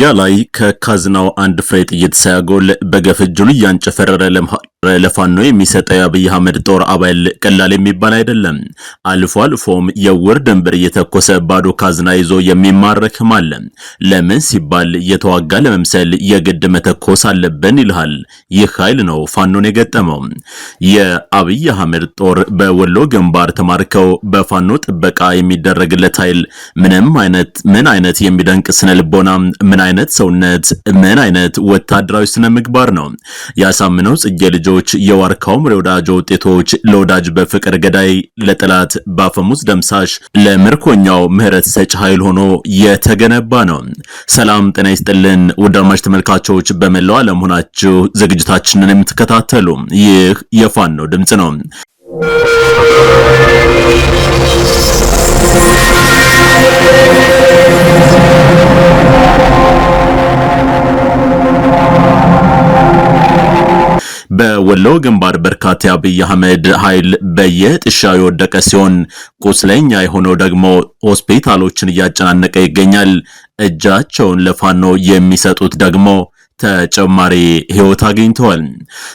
ውጊያ ላይ ከካዝናው አንድ ፍሬ ጥይት ሳያጎል በገፍ እጁን እያንጨፈረረ ለመሃል ለፋኖ የሚሰጠው የአብይ አህመድ ጦር አባይል ቀላል የሚባል አይደለም። አልፎ አልፎም የውር ድንብር እየተኮሰ ባዶ ካዝና ይዞ የሚማረክም አለ። ለምን ሲባል የተዋጋ ለመምሰል የግድ መተኮስ አለብን ይልሃል። ይህ ኃይል ነው ፋኖን የገጠመው። የአብይ አህመድ ጦር በወሎ ግንባር ተማርከው በፋኖ ጥበቃ የሚደረግለት ኃይል ምንም አይነት ምን አይነት የሚደንቅ ስነ ልቦና፣ ምን አይነት ሰውነት፣ ምን አይነት ወታደራዊ ስነ ምግባር ነው ያሳምነው ጽጌ ልጅ ወዳጆች የዋርካው ምሬ ወዳጆ ውጤቶች ለወዳጅ በፍቅር ገዳይ፣ ለጠላት በአፈሙዝ ደምሳሽ፣ ለምርኮኛው ምህረት ሰጭ ኃይል ሆኖ የተገነባ ነው። ሰላም ጤና ይስጥልን ውድ አድማጭ ተመልካቾች በመላው ዓለም ሆናችሁ ዝግጅታችንን የምትከታተሉ ይህ የፋኖ ድምፅ ነው። በወሎ ግንባር በርካታ የአብይ አህመድ ኃይል በየጥሻ የወደቀ ሲሆን ቁስለኛ የሆነው ደግሞ ሆስፒታሎችን እያጨናነቀ ይገኛል። እጃቸውን ለፋኖ የሚሰጡት ደግሞ ተጨማሪ ህይወት አግኝተዋል።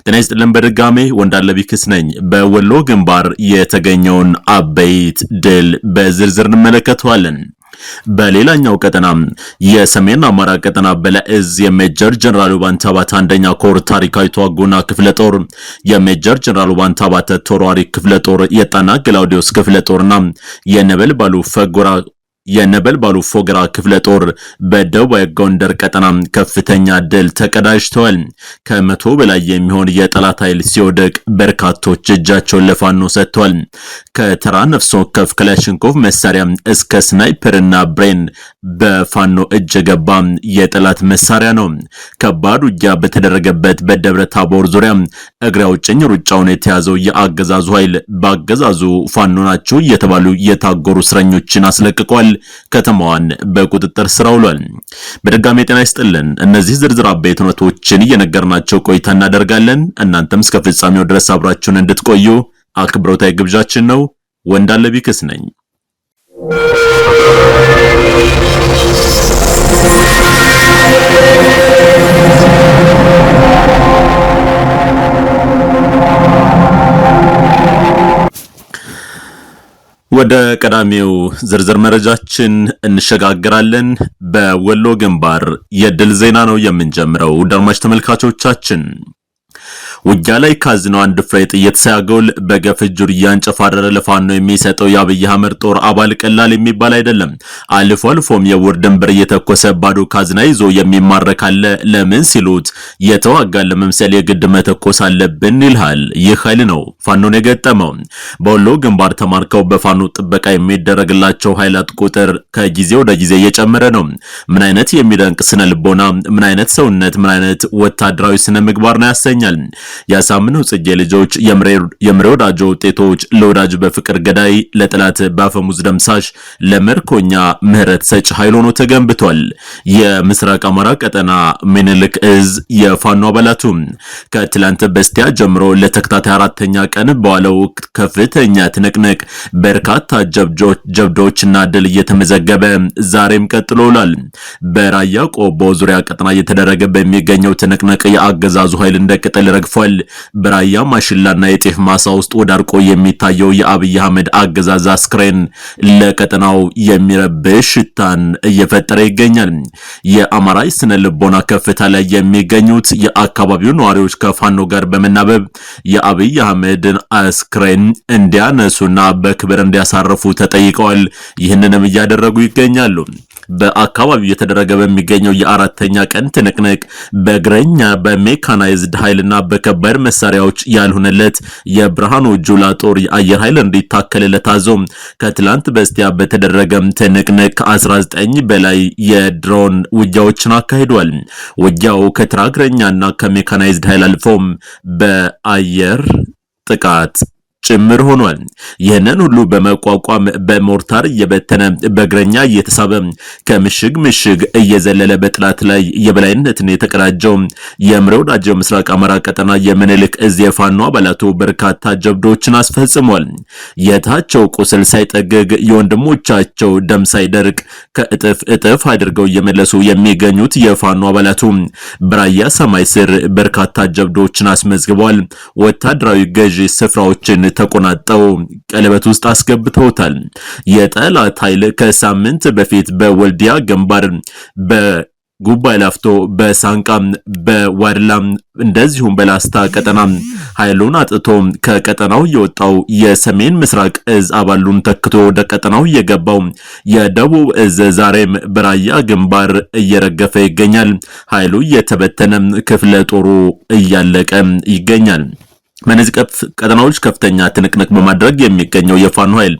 ጤና ይስጥልን። በድጋሜ ወንዳለ ቢክስ ነኝ። በወሎ ግንባር የተገኘውን አበይት ድል በዝርዝር እንመለከተዋለን። በሌላኛው ቀጠና የሰሜን አማራ ቀጠና በለእዝ የሜጀር ጀነራል ባንታባት አንደኛ ኮር ታሪካዊቷ ጉና ክፍለ ጦር የሜጀር ጀነራል ባንታ አባተ ተሯሪ ክፍለ ጦር የጣና ግላውዲዮስ ክፍለ ጦርና የነበልባሉ ፈጎራ የነበልባሉ ፎገራ ክፍለ ጦር በደቡባዊ ጎንደር ቀጠና ከፍተኛ ድል ተቀዳጅተዋል። ከመቶ በላይ የሚሆን የጠላት ኃይል ሲወደቅ በርካቶች እጃቸውን ለፋኖ ሰጥተዋል። ከተራ ነፍሶ ወከፍ ክላሽንኮቭ መሳሪያ እስከ ስናይፐርና ብሬን በፋኖ እጅ ገባ የጠላት መሳሪያ ነው። ከባድ ውጊያ በተደረገበት በደብረ ታቦር ዙሪያ እግሬ አውጭኝ ሩጫውን የተያዘው የአገዛዙ ኃይል በአገዛዙ ፋኖ ናቸው እየተባሉ የታጎሩ እስረኞችን አስለቅቋል። ከተማዋን በቁጥጥር ስር አውሏል። በድጋሚ ጤና ይስጥልን። እነዚህ ዝርዝር አበይት ሁነቶችን እየነገርናቸው ቆይታ እናደርጋለን። እናንተም እስከ ፍጻሜው ድረስ አብራችሁን እንድትቆዩ አክብሮታዊ ግብዣችን ነው። ወንዳለቢክስ ቢክስ ነኝ። ወደ ቀዳሚው ዝርዝር መረጃችን እንሸጋግራለን። በወሎ ግንባር የድል ዜና ነው የምንጀምረው። ዳማሽ ተመልካቾቻችን ውጊያ ላይ ካዝነው አንድ ፍሬ ጥይት ሳያገውል በገፍ እጁን እያንጨፋረረ ለፋኖ የሚሰጠው የአብይ አህመድ ጦር አባል ቀላል የሚባል አይደለም። አልፎ አልፎም የውር ድንብር እየተኮሰ ባዶ ካዝና ይዞ የሚማረካለ አለ። ለምን ሲሉት የተዋጋ ለመምሰል የግድ መተኮስ አለብን ይልሃል። ይህ ኃይል ነው ፋኖን የገጠመው። በወሎ ግንባር ተማርከው በፋኖ ጥበቃ የሚደረግላቸው ኃይላት ቁጥር ከጊዜ ወደ ጊዜ እየጨመረ ነው። ምን አይነት የሚደንቅ ስነ ልቦና፣ ምን አይነት ሰውነት፣ ምን አይነት ወታደራዊ ስነ ምግባር ነው ያሰኛል። የአሳምነው ጽጌ ልጆች የምሬ ወዳጆ ውጤቶች ለወዳጅ በፍቅር ገዳይ፣ ለጠላት በአፈሙዝ ደምሳሽ፣ ለመርኮኛ ምህረት ሰጭ ኃይል ሆኖ ተገንብቷል። የምስራቅ አማራ ቀጠና ምኒልክ እዝ የፋኖ አባላቱ ከትላንት በስቲያ ጀምሮ ለተከታታይ አራተኛ ቀን በዋለው ከፍተኛ ትንቅንቅ በርካታ ጀብዶችና ድል እየተመዘገበ ዛሬም ቀጥሎ ውሏል። በራያ ቆቦ ዙሪያ ቀጠና እየተደረገ በሚገኘው ትንቅንቅ የአገዛዙ ኃይል እንደ ቅጠል ረግፏል። ተናግረዋል። በራያ ማሽላና የጤፍ ማሳ ውስጥ ወዳርቆ የሚታየው የአብይ አህመድ አገዛዝ አስክሬን ለቀጠናው የሚረብሽ ሽታን እየፈጠረ ይገኛል። የአማራ ስነ ልቦና ከፍታ ላይ የሚገኙት የአካባቢው ነዋሪዎች ከፋኖ ጋር በመናበብ የአብይ አህመድን አስክሬን እንዲያነሱና በክብር እንዲያሳርፉ ተጠይቀዋል። ይህንንም እያደረጉ ይገኛሉ። በአካባቢው እየተደረገ በሚገኘው የአራተኛ ቀን ትንቅንቅ በእግረኛ በሜካናይዝድ ኃይልና በከባድ መሳሪያዎች ያልሆነለት የብርሃኑ ጁላ ጦር የአየር ኃይል እንዲታከልለት አዞ ከትላንት በስቲያ በተደረገም ትንቅንቅ ከ19 በላይ የድሮን ውጊያዎችን አካሂዷል። ውጊያው ከተራ ከሜካናይዝድ ኃይል አልፎም በአየር ጥቃት ጭምር ሆኗል። ይህንን ሁሉ በመቋቋም በሞርታር እየበተነ በእግረኛ እየተሳበ ከምሽግ ምሽግ እየዘለለ በጥላት ላይ የበላይነትን የተቀዳጀው የምሬ ዳጀው ምስራቅ አማራ ቀጠና የምኒልክ እዝ የፋኖ አባላቱ በርካታ ጀብዶችን አስፈጽሟል። የታቸው ቁስል ሳይጠግግ የወንድሞቻቸው ደም ሳይደርቅ ከእጥፍ እጥፍ አድርገው እየመለሱ የሚገኙት የፋኖ አባላቱ በራያ ሰማይ ስር በርካታ ጀብዶችን አስመዝግቧል። ወታደራዊ ገዢ ስፍራዎችን ተቆናጠው ቀለበት ውስጥ አስገብተውታል። የጠላት ኃይል ከሳምንት በፊት በወልዲያ ግንባር በ ጉባኤ ላፍቶ በሳንቃም በዋድላም እንደዚሁም በላስታ ቀጠና ኃይሉን አጥቶ ከቀጠናው የወጣው የሰሜን ምስራቅ እዝ አባሉን ተክቶ ወደ ቀጠናው የገባው የደቡብ እዝ ዛሬም በራያ ግንባር እየረገፈ ይገኛል። ኃይሉ እየተበተነ ክፍለ ጦሩ እያለቀ ይገኛል። በእነዚህ ቀጠናዎች ከፍተኛ ትንቅንቅ በማድረግ የሚገኘው የፋኖ ኃይል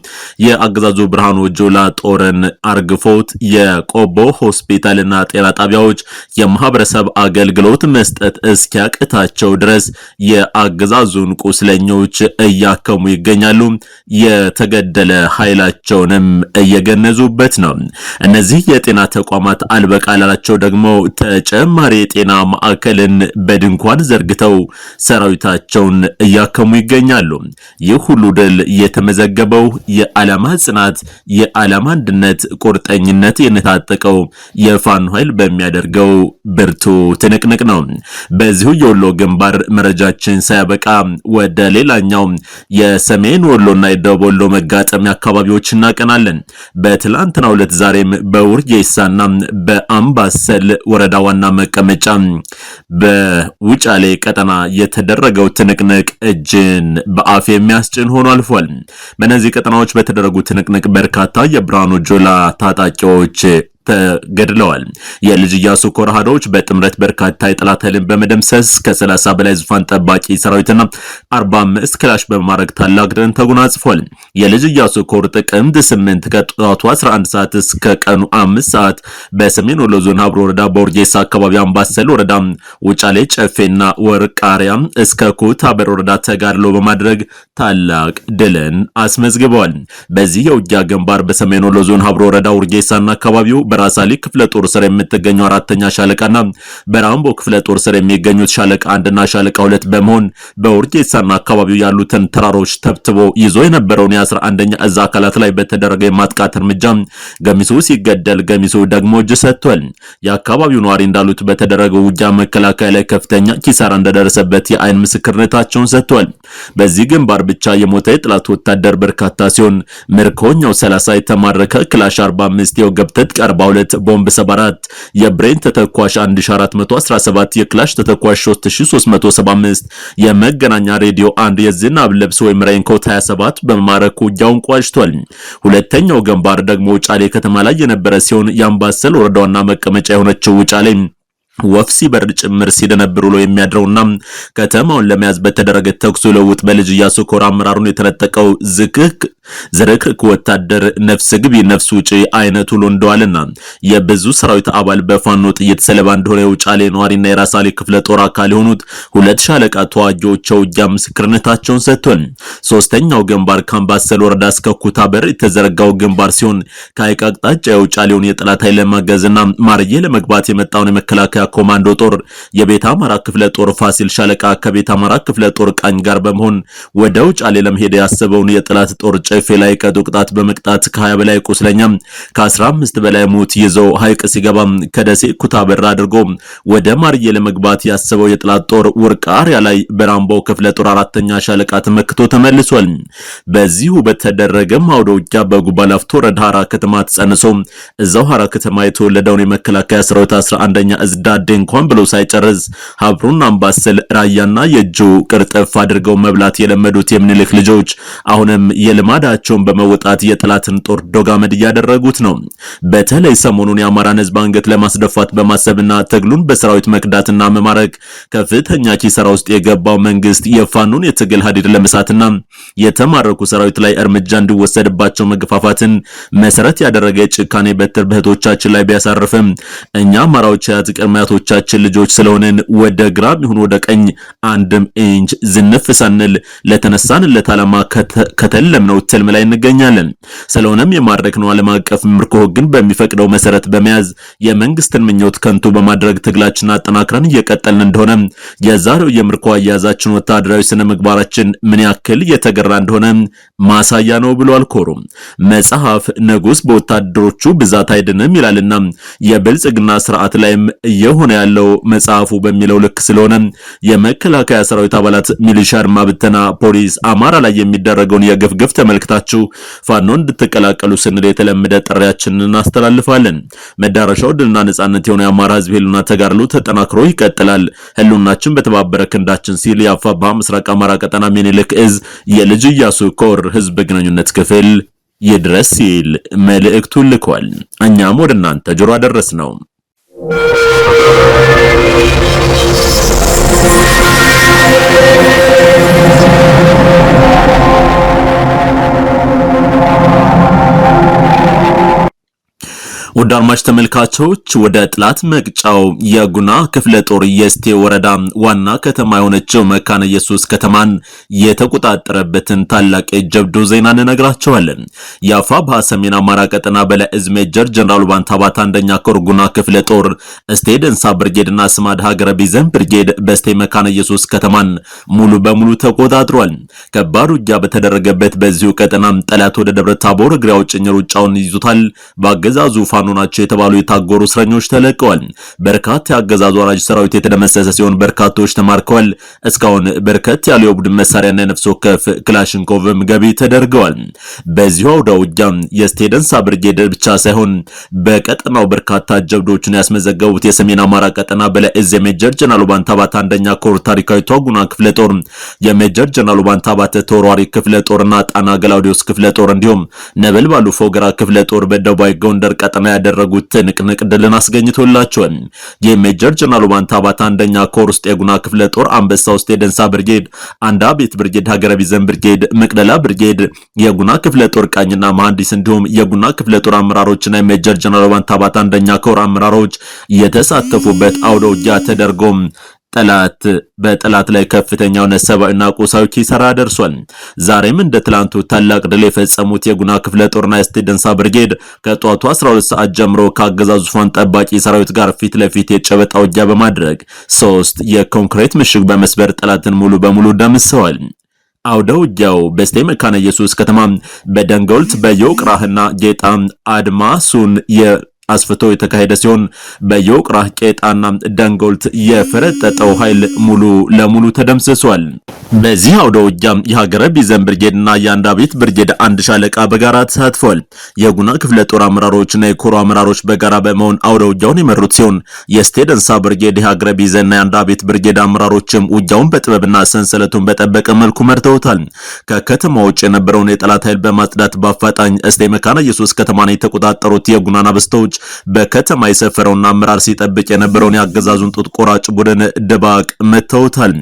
የአገዛዙ ብርሃኑ ጁላ ጦርን አርግፎት የቆቦ ሆስፒታልና ጤና ጣቢያዎች የማህበረሰብ አገልግሎት መስጠት እስኪያቅታቸው ድረስ የአገዛዙን ቁስለኞች እያከሙ ይገኛሉ። የተገደለ ኃይላቸውንም እየገነዙበት ነው። እነዚህ የጤና ተቋማት አልበቃ ላላቸው ደግሞ ተጨማሪ የጤና ማዕከልን በድንኳን ዘርግተው ሰራዊታቸውን እያከሙ ይገኛሉ። ይህ ሁሉ ድል የተመዘገበው የዓላማ ጽናት፣ የዓላማ አንድነት፣ ቁርጠኝነት የነታጠቀው የፋኖ ኃይል በሚያደርገው ብርቱ ትንቅንቅ ነው። በዚሁ የወሎ ግንባር መረጃችን ሳያበቃ ወደ ሌላኛው የሰሜን ወሎና የደቡብ ወሎ መጋጠሚያ አካባቢዎች እናቀናለን። በትላንትና ሁለት ዛሬም በውርጌሳና በአምባሰል ወረዳ ዋና መቀመጫ በውጫሌ ቀጠና የተደረገው ትንቅንቅ ትንቅንቅ እጅን በአፍ የሚያስጭን ሆኖ አልፏል። በእነዚህ ቀጠናዎች በተደረጉ ትንቅንቅ በርካታ የብርሃኑ ጁላ ታጣቂዎች ተገድለዋል። የልጅ ኢያሱ ኮርሃዶች በጥምረት በርካታ የጠላት ኃይልን በመደምሰስ ከ30 በላይ ዙፋን ጠባቂ ሰራዊትና 45 ክላሽ በማድረግ ታላቅ ድልን ተጎናጽፏል። የልጅ ኢያሱ ኮር ጥቅምት 8 ከጠዋቱ 11 ሰዓት እስከ ቀኑ 5 ሰዓት በሰሜን ወሎ ዞን ሀብሮ ወረዳ በኦርጌሳ አካባቢ አምባሰል ወረዳ ውጫሌ፣ ጨፌና ወርቃሪያ እስከ ኩት አበር ወረዳ ተጋድሎ በማድረግ ታላቅ ድልን አስመዝግበዋል። በዚህ የውጊያ ግንባር በሰሜን ወሎ ዞን ሀብሮ ወረዳ ኦርጌሳና አካባቢው በራሳሊ ክፍለ ጦር ስር የምትገኘው አራተኛ ሻለቃና በራምቦ ክፍለ ጦር ስር የሚገኙት ሻለቃ አንድና ሻለቃ ሁለት በመሆን በውርጌሳና አካባቢው ያሉትን ተራሮች ተብትቦ ይዞ የነበረውን የአስራ አንደኛ እዝ አካላት ላይ በተደረገ የማጥቃት እርምጃ ገሚሱ ሲገደል፣ ገሚሱ ደግሞ እጅ ሰጥቷል። የአካባቢው ነዋሪ እንዳሉት በተደረገው ውጊያ መከላከያ ላይ ከፍተኛ ኪሳራ እንደደረሰበት የአይን ምስክርነታቸውን ሰጥቷል። በዚህ ግንባር ብቻ የሞተ የጥላት ወታደር በርካታ ሲሆን ምርኮኛው 30 የተማረከ ክላሽ 45 የወገብ ትጥቅ 42 ቦምብ 74 የብሬን ተተኳሽ 1417 የክላሽ ተተኳሽ 3375 የመገናኛ ሬዲዮ አንድ የዝናብ ልብስ ወይም ሬንኮት 27 በመማረክ ውጊያውን ቋጭቷል። ሁለተኛው ግንባር ደግሞ ጫሌ ከተማ ላይ የነበረ ሲሆን የአምባሰል ወረዳዋና መቀመጫ የሆነችው ጫሌ ወፍ ሲበር ጭምር ሲደነብር ውሎ የሚያድረውና ከተማውን ለመያዝ በተደረገ ተኩስ ልውውጥ በልጅ ኢያሱ ኮር አመራሩን የተነጠቀው ዝክክ ዝርክርክ ወታደር ነፍስ ግቢ ነፍስ ውጪ አይነት ውሎ እንደዋልና የብዙ ሰራዊት አባል በፋኖ ጥይት ሰለባ እንደሆነ የውጫሌ ነዋሪና የራሳሌ ክፍለ ጦር አካል የሆኑት ሁለት ሻለቃ ተዋጊዎች የውጊያ ምስክርነታቸውን ሰጥቷል። ሶስተኛው ግንባር ካምባሰል ወረዳ እስከ በር የተዘረጋው ግንባር ሲሆን ከሀይቅ አቅጣጫ የውጫሌውን የጠላት ኃይል ለማገዝና ማርዬ ለመግባት የመጣውን የመከላከያ ኮማንዶ ጦር የቤት አማራ ክፍለ ጦር ፋሲል ሻለቃ ከቤት አማራ ክፍለ ጦር ቃኝ ጋር በመሆን ወደ ውጫሌ ለመሄድ ያሰበውን የጠላት ጦር ጨፌ ላይ ቀዶ ቅጣት በመቅጣት ከ በላይ ቁስለኛ ከ15 በላይ ሞት ይዘው ሐይቅ ሲገባ ከደሴ ኩታበራ አድርጎ ወደ ማርየ ለመግባት ያሰበው የጥላት ጦር ወርቃሪያ ላይ በራምቦ ክፍለ ጦር አራተኛ ሻለቃ ተመክቶ ተመልሷል። በዚሁ በተደረገም አውደ ውጊያ በጉባላፍቶ ወረዳ ከተማ ተጸንሶ እዛው ሀራ ከተማ የተወለደውን የመከላከያ ሰራዊት 11ኛ እዝ ዳዴ እንኳን ብሎ ሳይጨርስ ሀብሩን፣ አምባሰል፣ ራያና የእጁ ቅርጥፍ አድርገው መብላት የለመዱት የምኒልክ ልጆች አሁንም የልማድ ፈቃዳቸውን በመወጣት የጠላትን ጦር ዶጋመድ እያደረጉት ነው። በተለይ ሰሞኑን የአማራን ህዝብ አንገት ለማስደፋት በማሰብና ትግሉን በሰራዊት መክዳትና መማረክ ከፍተኛ ኪሳራ ውስጥ የገባው መንግስት የፋኖን የትግል ሀዲድ ለመሳትና የተማረኩ ሰራዊት ላይ እርምጃ እንዲወሰድባቸው መገፋፋትን መሰረት ያደረገ ጭካኔ በትር በእህቶቻችን ላይ ቢያሳርፍም እኛ አማራዎች አያት ቅድመ ልጆች ስለሆንን ወደ ግራም ይሁን ወደ ቀኝ አንድም ኢንች ዝንፍ ሳንል ለተነሳንለት ዓላማ ከተለምነው ስልም ላይ እንገኛለን። ስለሆነም የማድረግነው ዓለም አቀፍ ምርኮ ህግን በሚፈቅደው መሰረት በመያዝ የመንግስትን ምኞት ከንቱ በማድረግ ትግላችን አጠናክረን እየቀጠልን እንደሆነ የዛሬው የምርኮ አያያዛችን ወታደራዊ ስነ ምግባራችን ምን ያክል የተገራ እንደሆነ ማሳያ ነው ብሏል ኮሩ። መጽሐፍ ንጉስ በወታደሮቹ ብዛት አይድንም ይላልና የብልጽግና ስርዓት ላይም እየሆነ ያለው መጽሐፉ በሚለው ልክ ስለሆነ የመከላከያ ሰራዊት አባላት ሚሊሻ፣ አድማ ብተና፣ ፖሊስ አማራ ላይ የሚደረገውን የግፍ ተመልክ ተመልክታችሁ ፋኖ እንድትቀላቀሉ ስንል የተለመደ ጥሪያችንን እናስተላልፋለን። መዳረሻው ድልና ነጻነት የሆነ የአማራ ህዝብ ህሉና ተጋድሎ ተጠናክሮ ይቀጥላል። ህሉናችን በተባበረ ክንዳችን ሲል የአፋባ ምስራቅ አማራ ቀጠና ሚኒልክ እዝ የልጅ ኢያሱ ኮር ህዝብ ግንኙነት ክፍል ይድረስ ሲል መልእክቱ ልኳል። እኛም ወደ እናንተ ጆሮ አደረስ ነው። ውድ አድማጭ ተመልካቾች ወደ ጥላት መቅጫው የጉና ክፍለ ጦር የስቴ ወረዳ ዋና ከተማ የሆነችው መካነ ኢየሱስ ከተማን የተቆጣጠረበትን ታላቅ የጀብዶ ዜና እንነግራቸዋለን። ባ ሰሜን አማራ ቀጠና በላይ ዕዝ ሜጀር ጀነራል ባንታባት አንደኛ ኮር ጉና ክፍለ ጦር እስቴ ደንሳ ብርጌድና ስማድ ሀገረ ቢዘን ብርጌድ በስቴ መካነ ኢየሱስ ከተማን ሙሉ በሙሉ ተቆጣጥሯል። ከባድ ውጊያ በተደረገበት በዚሁ ቀጠና ጠላት ወደ ደብረ ታቦር እግሬ ሩጫውን ይዙታል። በአገዛዙ ፋ ፋኖ ናቸው የተባሉ የታጎሩ እስረኞች ተለቀዋል። በርካታ የአገዛዙ ወራጅ ሰራዊት የተደመሰሰ ሲሆን በርካቶች ተማርከዋል። እስካሁን በርከት ያሉ የቡድን መሳሪያና የነፍስ ወከፍ ክላሽንኮቭም ገቢ ተደርገዋል። በዚሁ አውደ ውጊያ የስቴደንስ ብርጌድ ብቻ ሳይሆን በቀጠናው በርካታ ጀብዶችን ያስመዘገቡት የሰሜን አማራ ቀጠና በለእዝ የሜጀር ጀነራል ባንታ አንደኛ ኮር ታሪካዊ ጉና ክፍለ ጦር የሜጀር ጀነራል ባንታ ባተ ክፍለ ጦርና ጣና ገላውዲዮስ ክፍለ ጦር እንዲሁም ነበልባሉ ፎገራ ክፍለ ጦር በደቡባዊ ጎንደር ቀጠና ያደረጉት ትንቅንቅ ድልን አስገኝቶላቸዋል። የሜጀር ጀነራል ባንታ ባታ አንደኛ ኮር ውስጥ የጉና ክፍለ ጦር አንበሳ ውስጥ የደንሳ ብርጌድ፣ አንዳ ቤት ብርጌድ፣ ሀገረ ቢዘን ብርጌድ፣ መቅደላ ብርጌድ የጉና ክፍለ ጦር ቃኝና መሐንዲስ እንዲሁም የጉና ክፍለ ጦር አመራሮችና የሜጀር ጀነራል ባንታ ባታ አንደኛ ኮር አመራሮች የተሳተፉበት አውደ ውጊያ ተደርጎም ጠላት በጠላት ላይ ከፍተኛ የሆነ ሰብአዊና ቁሳዊ ኪሳራ ደርሷል። ዛሬም እንደ ትላንቱ ታላቅ ድል የፈጸሙት የጉና ክፍለ ጦርና የስቴደንሳ ብርጌድ ከጧቱ 12 ሰዓት ጀምሮ ከአገዛዙ ዙፋን ጠባቂ ሰራዊት ጋር ፊት ለፊት የጨበጣ ውጊያ በማድረግ ሶስት የኮንክሪት ምሽግ በመስበር ጠላትን ሙሉ በሙሉ ደምሰዋል። አውደ ውጊያው በስቴ መካነ ኢየሱስ ከተማ በደንገውልት በየውቅራህና ጌጣ አድማሱን አስፍቶ የተካሄደ ሲሆን በየውቅራ ቄጣና ደንጎልት የፈረጠጠው ኃይል ሙሉ ለሙሉ ተደምስሷል። በዚህ አውደ ውጊያም የሀገረ ቢዘን ብርጌድና ቤት ብርጌድ አንድ ሻለቃ በጋራ ተሳትፏል። የጉና ክፍለ ጦር አመራሮችና የኮሮ አመራሮች በጋራ በመሆን አውደ ውጊያውን የመሩት ሲሆን የስቴደንሳ ብርጌድ የሀገረ ቢዘንና ቤት ብርጌድ አመራሮችም ውጊያውን በጥበብና ሰንሰለቱን በጠበቀ መልኩ መርተውታል። ከከተማ ውጭ የነበረውን የጠላት ኃይል በማጽዳት በአፋጣኝ እስቴ መካነ ኢየሱስ ከተማን የተቆጣጠሩት የጉናና በስተውጭ በከተማ የሰፈረውና አመራር ሲጠብቅ የነበረውን የአገዛዙን ጡት ቆራጭ ቡድን ድባቅ መተውታል።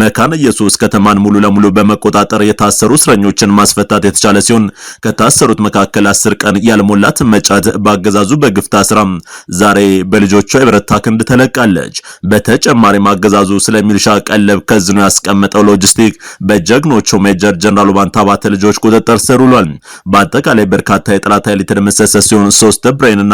መካነ ኢየሱስ ከተማን ሙሉ ለሙሉ በመቆጣጠር የታሰሩ እስረኞችን ማስፈታት የተቻለ ሲሆን ከታሰሩት መካከል አስር ቀን ያልሞላት መጫት በአገዛዙ በግፍ ታስራ ዛሬ በልጆቿ የብረታ ክንድ ተለቃለች። በተጨማሪም አገዛዙ ስለሚልሻ ቀለብ ከዝኖ ያስቀመጠው ሎጂስቲክ በጀግኖቹ ሜጀር ጀነራል ባንታ ባተ ልጆች ቁጥጥር ስር ውሏል። በአጠቃላይ በርካታ የጠላት ኃይል የተደመሰሰ ሲሆን ሶስት ብሬንና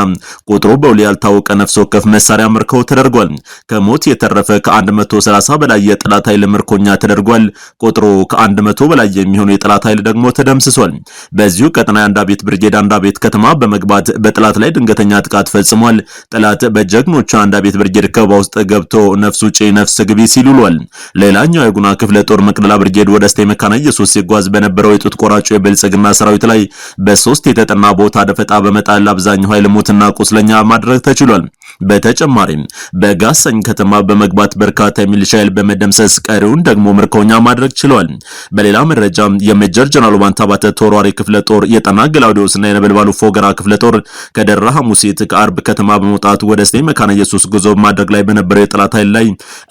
ቁጥሩ በውል ያልታወቀ ነፍስ ወከፍ መሳሪያ ምርኮ ተደርጓል። ከሞት የተረፈ ከ130 በላይ የጠላት ኃይል ምርኮኛ ተደርጓል። ቁጥሩ ከ100 በላይ የሚሆኑ የጠላት ኃይል ደግሞ ተደምስሷል። በዚሁ ቀጠና የአንዳቤት ብርጌድ አንዳቤት ከተማ በመግባት በጠላት ላይ ድንገተኛ ጥቃት ፈጽሟል። ጠላት በጀግኖቹ አንዳቤት ብርጌድ ከበባ ውስጥ ገብቶ ነፍስ ውጪ ነፍስ ግቢ ሲል ውሏል። ሌላኛው የጉና ክፍለ ጦር መቅደላ ብርጌድ ወደ እስቴ መካነ ኢየሱስ ሲጓዝ በነበረው የጡት ቆራጩ የብልጽግና ሰራዊት ላይ በሶስት የተጠና ቦታ ደፈጣ በመጣል አብዛኛው ኃይል ሞትና ቁስለኛ ማድረግ ተችሏል። በተጨማሪም በጋሰኝ ከተማ በመግባት በርካታ የሚሊሻ ኃይል በመደምሰስ ቀሪውን ደግሞ ምርኮኛ ማድረግ ችለዋል። በሌላ መረጃ የሜጀር ጀነራል ባንታባተ ተወራሪ ክፍለ ጦር የጣና እና የነበልባሉ ፎገራ ክፍለ ጦር ከደራ ሐሙሲት ከአርብ ከተማ በመውጣት ወደ ስቴ መካነ ኢየሱስ ጉዞ ማድረግ ላይ በነበረው የጠላት ኃይል ላይ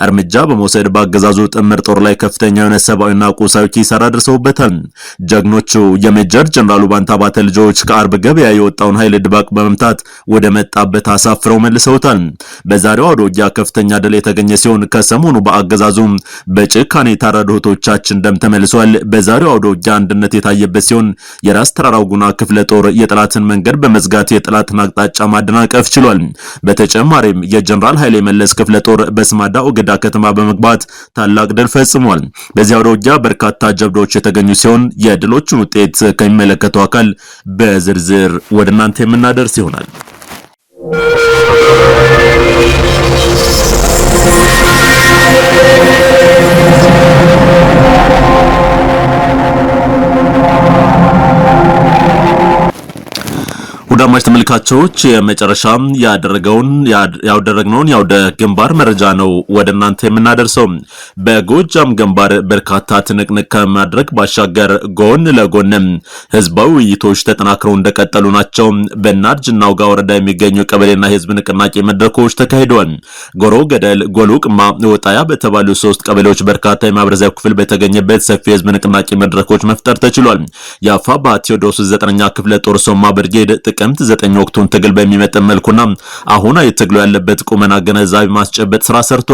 እርምጃ በመውሰድ በአገዛዙ ጥምር ጦር ላይ ከፍተኛ የሆነ ሰብአዊና ቁሳዊ ኪሳራ ደርሰውበታል። ጀግኖቹ የሜጀር ጀነራሉ ባንታባተ ልጆች ከአርብ ገበያ የወጣውን ኃይል ድባቅ በመምታት ወደ መጣበት አሳፍረው መልሰው አድርጎታል። በዛሬው አውደ ከፍተኛ ድል የተገኘ ሲሆን ከሰሞኑ በአገዛዙ በጭካኔ የታረዱ እህቶቻችን ደም ተመልሷል። በዛሬው አውደ አንድነት የታየበት ሲሆን የራስ ተራራው ጉና ክፍለ ጦር የጠላትን መንገድ በመዝጋት የጠላትን አቅጣጫ ማደናቀፍ ችሏል። በተጨማሪም የጀነራል ኃይሌ መለስ ክፍለ ጦር በስማዳ ኦገዳ ከተማ በመግባት ታላቅ ድል ፈጽሟል። በዚህ አውደ በርካታ ጀብዶች የተገኙ ሲሆን የድሎቹን ውጤት ከሚመለከተው አካል በዝርዝር ወደ እናንተ የምናደርስ ይሆናል። ክቡራን ተመልካቾች የመጨረሻም ያደረገውን ያደረግነውን የአውደ ግንባር መረጃ ነው ወደ እናንተ የምናደርሰው። በጎጃም ግንባር በርካታ ትንቅንቅ ከማድረግ ባሻገር ጎን ለጎንም ህዝባዊ ውይይቶች ተጠናክረው እንደቀጠሉ ናቸው። በናርጅናው ውጋ ወረዳ የሚገኙ ቀበሌና የህዝብ ንቅናቄ መድረኮች ተካሂደዋል። ጎሮ ገደል፣ ጎሎ ቅማ፣ ወጣያ በተባሉ ሶስት ቀበሌዎች በርካታ የማህበረሰብ ክፍል በተገኘበት ሰፊ የህዝብ ንቅናቄ መድረኮች መፍጠር ተችሏል። የአፋባ ቴዎድሮስ ዘጠነኛ ክፍለ ጦር ሶማ ብርጌድ ጥቅም ጥቅምት ዘጠኝ ወቅቱን ትግል በሚመጥን መልኩና አሁን የትግሉ ያለበት ቁመና ግንዛቤ ማስጨበጥ ስራ ሰርቶ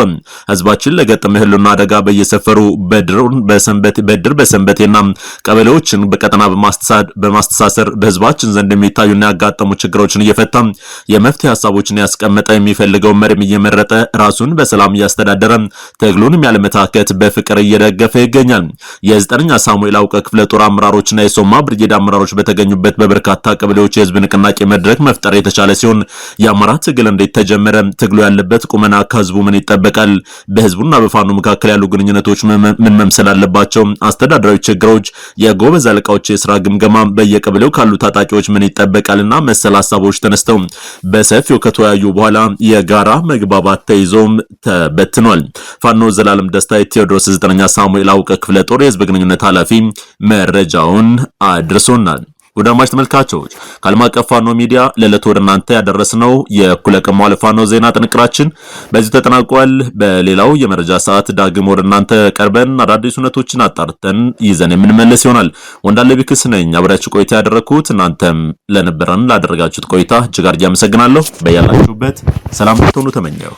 ህዝባችን ለገጠመ ህልውና አደጋ በየሰፈሩ በድሩን በሰንበት በድር በሰንበቴና ቀበሌዎችን በቀጠና በማስተሳሰር በህዝባችን ዘንድ የሚታዩና ያጋጠሙ ችግሮችን እየፈታ የመፍትሄ ሀሳቦችን ያስቀመጠ የሚፈልገው መሪም እየመረጠ ራሱን በሰላም እያስተዳደረ ትግሉንም ያለመታከት በፍቅር እየደገፈ ይገኛል። የዘጠነኛ ሳሙኤል አውቀ ክፍለ ጦር አመራሮችና የሶማ ብርጌድ አመራሮች በተገኙበት በበርካታ ቀበሌዎች የህዝብ ንቅና ንቅናቄ መድረክ መፍጠር የተቻለ ሲሆን የአማራ ትግል እንዴት ተጀመረ? ትግሉ ያለበት ቁመና ከህዝቡ ምን ይጠበቃል? በህዝቡና በፋኖ መካከል ያሉ ግንኙነቶች ምን መምሰል አለባቸው? አስተዳደራዊ ችግሮች፣ የጎበዝ አለቃዎች የስራ ግምገማ፣ በየቀበሌው ካሉ ታጣቂዎች ምን እና መሰል ሀሳቦች ተነስተው በሰፊው ከተወያዩ በኋላ የጋራ መግባባት ተይዞም ተበትኗል። ፋኖ ዘላለም ደስታ የቴዎድሮስ 9ኛ ሳሙኤል አውቀ ክፍለ ጦር የህዝብ ግንኙነት ኃላፊ መረጃውን አድርሶናል። ወደ ተመልካቾች ከዓለም አቀፍ ፋኖ ሚዲያ ለዕለቱ ወደ እናንተ ያደረስነው የእኩለ ቀን መዋዕለ ፋኖ ዜና ጥንቅራችን በዚህ ተጠናቋል። በሌላው የመረጃ ሰዓት ዳግም ወደ እናንተ ቀርበን አዳዲስ እውነቶችን አጣርተን ይዘን የምንመለስ ይሆናል። ወንዳለ ቢክስ ነኝ አብሬያችሁ ቆይታ ያደረግኩት። እናንተም ለነበረን ላደረጋችሁት ቆይታ እጅግ አድርጌ አመሰግናለሁ። በያላችሁበት ሰላም ትሆኑ ተመኘው።